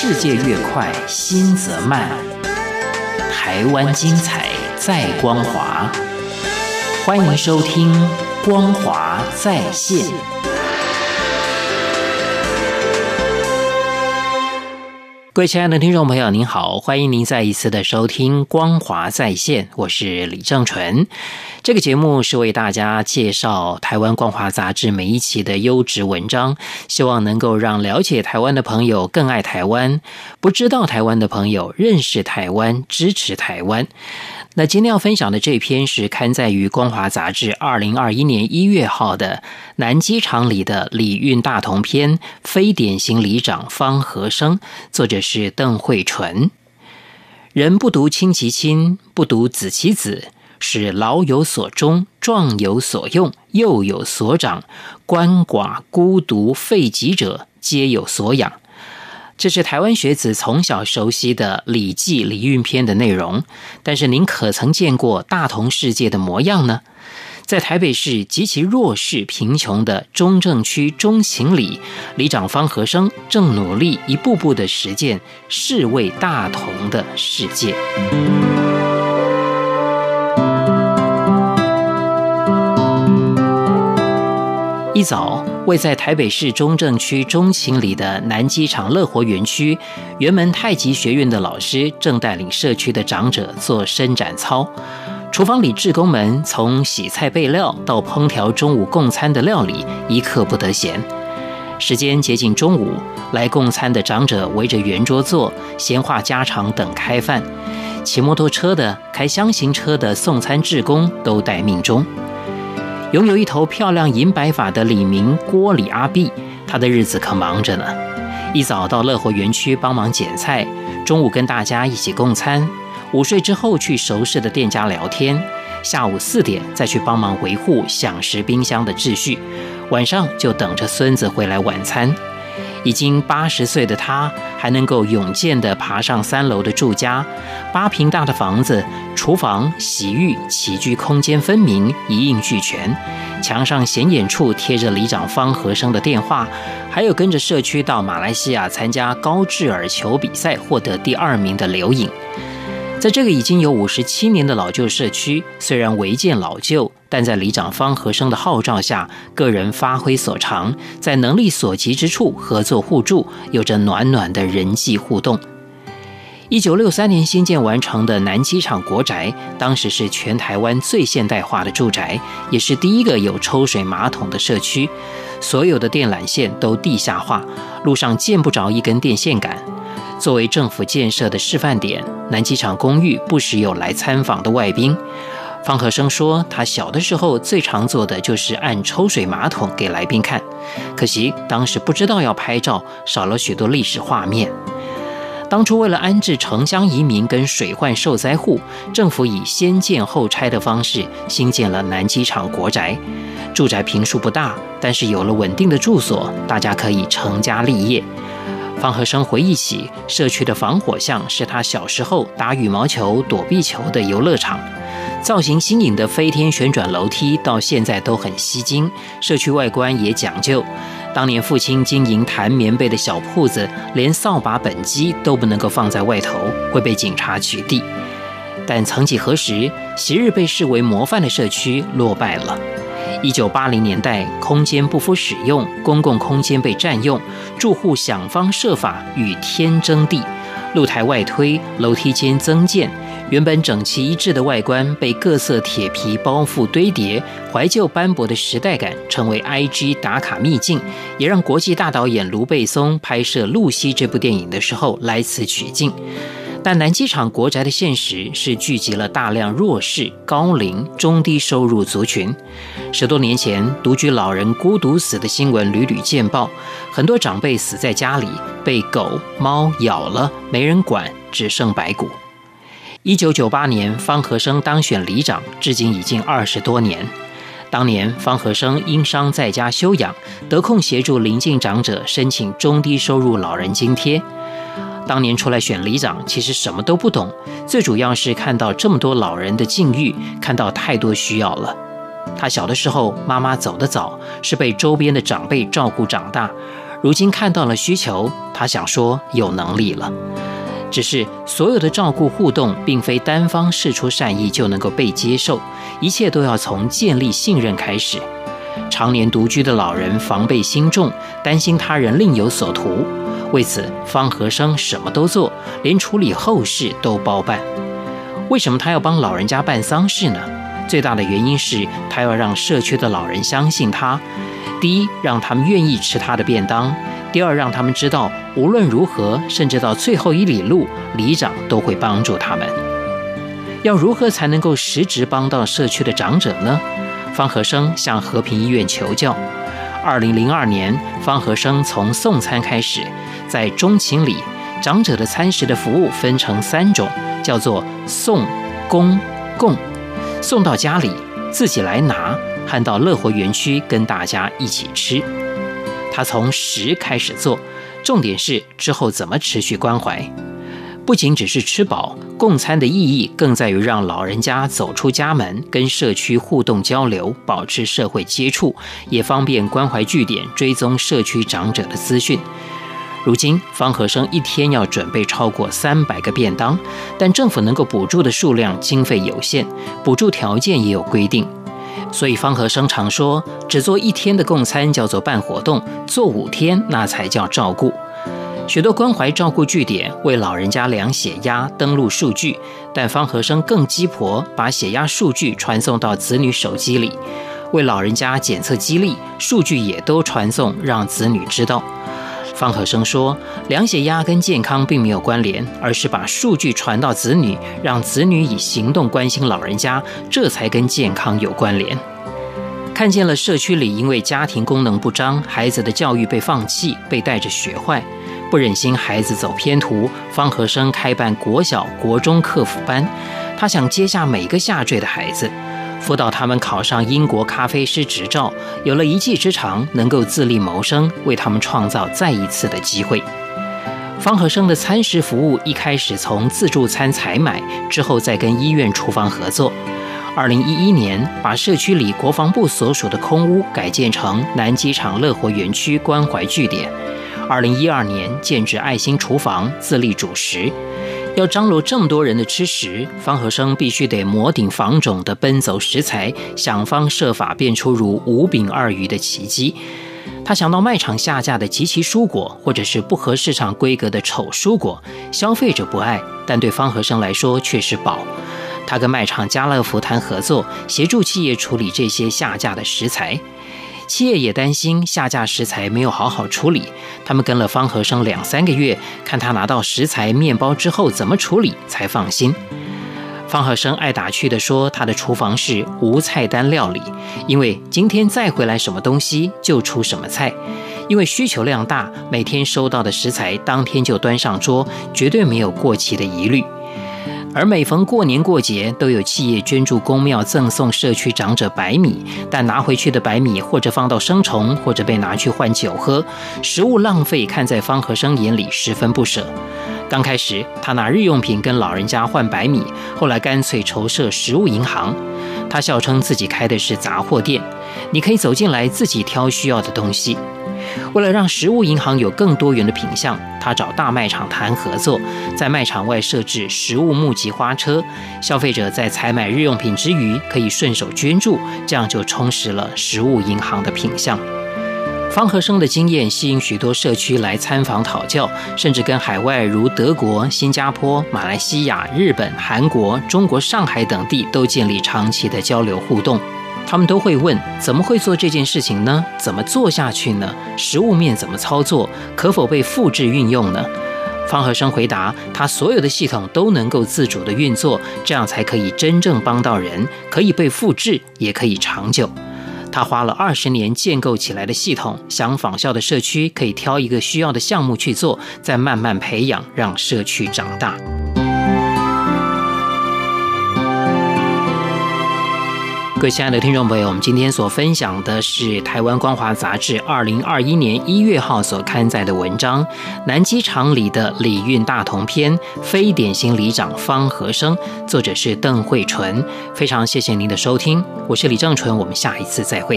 世界越快，心則慢。台灣精彩，在光華。歡迎收聽《光華再現》。各位親愛的聽眾朋友，您好，歡迎您再一次的收聽《光華在線》，我是李正淳。這個節目是為大家介紹台灣《光華》雜誌每一期的優質文章，希望能夠讓了解台灣的朋友更愛台灣，不知道台灣的朋友認識台灣，支持台灣。那今天要分享的這篇是刊載於《光華》雜誌二零二一年一月號的《南機場裡的禮運大同篇》，非典型里長方荷生，作者是鄧慧純。人不獨親其親，不獨子其子，使老有所終，壯有所用，幼有所長，鰥寡孤獨廢疾者，皆有所養。這是台灣學子從小熟悉的《禮記·禮運篇》的內容，但是您可曾見過大同世界的模樣呢？在台北市極其弱勢貧窮的中正區忠勤里，里長方荷生正努力一步步地實踐是謂大同的世界。一早。位在台北市中正區忠勤裡的南機場樂活園區，圓門太極學院的老師正帶領社區的長者做伸展操。廚房裡，志工們從洗菜備料到烹調中午供餐的料理，一刻不得閒。時間接近中午，來供餐的長者圍着圓桌坐，閒話家常等開飯。騎摩托車的、開箱型車的送餐志工都待命中。擁有一頭漂亮銀白髮的李明郭李阿碧，他的日子可忙着呢。一早到樂活園區幫忙撿菜，中午跟大家一起共餐，午睡之後去熟識的店家聊天，下午四點再去幫忙維護享食冰箱的秩序，晚上就等着孫子回來晚餐。已經八十歲的他，還能夠勇健地爬上三樓的住家，八坪大的房子，廚房、洗浴、起居空間分明，一應俱全。牆上顯眼處貼着里長方荷生的電話，還有跟着社區到馬來西亞參加高智爾球比賽獲得第二名的留影。在這個已經有五十七年的老舊社區，雖然違建老舊，但在里長方荷生的號召下，個人發揮所長，在能力所及之處合作互助，有着暖暖的人際互動。一九六三年新建完成的南機場國宅，當時是全台灣最現代化的住宅，也是第一個有抽水馬桶的社區。所有的電纜線都地下化，路上見不着一根電線桿。作為政府建設的示範點，南機場公寓不時有來參訪的外賓。方荷生說，他小的時候最常做的就是按抽水馬桶給來賓看，可惜當時不知道要拍照，少了許多歷史畫面。當初為了安置城鄉移民跟水患受災戶，政府以先建後拆的方式新建了南機場國宅，住宅坪數不大，但是有了穩定的住所，大家可以成家立業。方荷生回憶起社區的防火巷，是他小時候打羽毛球、躲避球的游樂場。造型新穎的飛天旋轉樓梯到現在都很吸睛，社區外觀也講究。當年父親經營彈棉被的小鋪子，連掃把、畚箕都不能夠放在外頭，會被警察取締。但曾幾何時，昔日被視為模範的社區落敗了。一九八零年代，空間不敷使用，公共空間被佔用，住戶想方設法與天爭地，露台外推，樓梯間增建。原本整齊一致的外觀被各色鐵皮包覆堆疊，懷舊斑駁的時代感成為 IG 打卡秘境，也讓國際大導演盧貝松拍攝《露西》這部電影的時候來此取景。但南機場國宅的現實是聚集了大量弱勢、高齡、中低收入族群。十多年前，獨居老人孤獨死的新聞屢屢見報，很多長輩死在家裡，被狗貓咬了，沒人管，只剩白骨。一九九八年，方荷生當選里長，至今已經二十多年。當年方荷生因傷在家休養，得空協助鄰近長者申請中低收入老人津貼。當年出來選里長，其實什麼都不懂，最主要是看到這麼多老人的境遇，看到太多需要了。他小的時候媽媽走得早，是被周邊的長輩照顧長大。如今看到了需求，他想說有能力了。只是所有的照顧互動，並非單方釋出善意就能夠被接受，一切都要從建立信任開始。常年獨居的老人防備心重，擔心他人另有所圖，為此方荷生什麼都做，連處理後事都包辦。為什麼他要幫老人家辦喪事呢？最大的原因是他要讓社區的老人相信他，第一讓他們願意吃他的便當。第二，讓他們知道無論如何，甚至到最後一里路，里長都會幫助他們。要如何才能夠實質幫到社區的長者呢？方荷生向和平醫院求教。二零零二年，方荷生從送餐開始，在忠勤里長者的餐食的服務分成三種，叫做送、供、共，送到家裡自己來拿，和到樂活園區跟大家一起吃。他從食開始做，重點是之後怎麼持續關懷，不僅只是吃飽，供餐的意義更在於讓老人家走出家門，跟社區互動交流，保持社會接觸，也方便關懷據點追蹤社區長者的資訊。如今，方荷生一天要準備超過三百個便當，但政府能夠補助的數量經費有限，補助條件也有規定。所以方荷生常說，只做一天的供餐叫做辦活動，做五天那才叫照顧。許多關懷照顧據點為老人家量血壓、登錄數據，但方荷生更雞婆，把血壓數據傳送到子女手機裡，為老人家檢測肌力，數據也都傳送讓子女知道。方荷生說：“量血壓跟健康並沒有關聯，而是把數據傳到子女，讓子女以行動關心老人家，這才跟健康有關聯。”看見了社區裡因為家庭功能不彰，孩子的教育被放棄、被帶着學壞，不忍心孩子走偏途，方荷生開辦國小、國中課輔班，他想接下每個下墜的孩子。輔導他們考上英國咖啡師執照，有了一技之長，能夠自立謀生，為他們創造再一次的機會。方荷生的餐食服務一開始從自助餐採買，之後再跟醫院廚房合作。二零一一年，把社區裡國防部所屬的空屋改建成南機場樂活園區關懷據點。二零一二年，建置愛心廚房，自立主食。要張羅這麼多人的吃食，方荷生必須得摩頂放踵地奔走食材，想方設法變出如五餅二魚的奇蹟。他想到賣場下架的即期蔬果，或者是不合市場規格的醜蔬果，消費者不愛，但對方荷生來說卻是寶。他跟賣場家樂福談合作，協助企業處理這些下架的食材。企業也擔心下架食材沒有好好處理，他們跟了方荷生兩三個月，看他拿到食材麵包之後怎麼處理才放心。方荷生愛打趣地說：“他的廚房是無菜單料理，因為今天再回來什麼東西就出什麼菜，因為需求量大，每天收到的食材當天就端上桌，絕對沒有過期的疑慮。”而每逢過年過節，都有企業捐助公廟，贈送社區長者白米，但拿回去的白米或者放到生蟲，或者被拿去換酒喝，食物浪費，看在方荷生眼裡十分不捨。剛開始，他拿日用品跟老人家換白米，後來乾脆籌設食物銀行。他笑稱自己開的是雜貨店，你可以走進來自己挑需要的東西。為了讓食物銀行有更多元的品項，他找大賣場談合作，在賣場外設置食物募集花車，消費者在採買日用品之餘可以順手捐助，這樣就充實了食物銀行的品項。方荷生的經驗吸引許多社區來參訪討教，甚至跟海外如德國、新加坡、馬來西亞、日本、韓國、中國、上海等地都建立長期的交流互動。他們都會問：怎麼會做這件事情呢？怎麼做下去呢？實務面怎麼操作？可否被複製運用呢？方荷生回答：他所有的系統都能夠自主的運作，這樣才可以真正幫到人，可以被複製，也可以長久。他花了二十年建構起來的系統，想仿效的社區可以挑一個需要的項目去做，再慢慢培養，讓社區長大。各位親愛的聽眾朋友，我們今天所分享的是《臺灣光華雜誌》二零二一年一月號所刊載的文章《南機場裡的禮運大同篇》，非典型里長方荷生，作者是鄧慧純。非常謝謝您的收聽，我是李正純，我們下一次再會。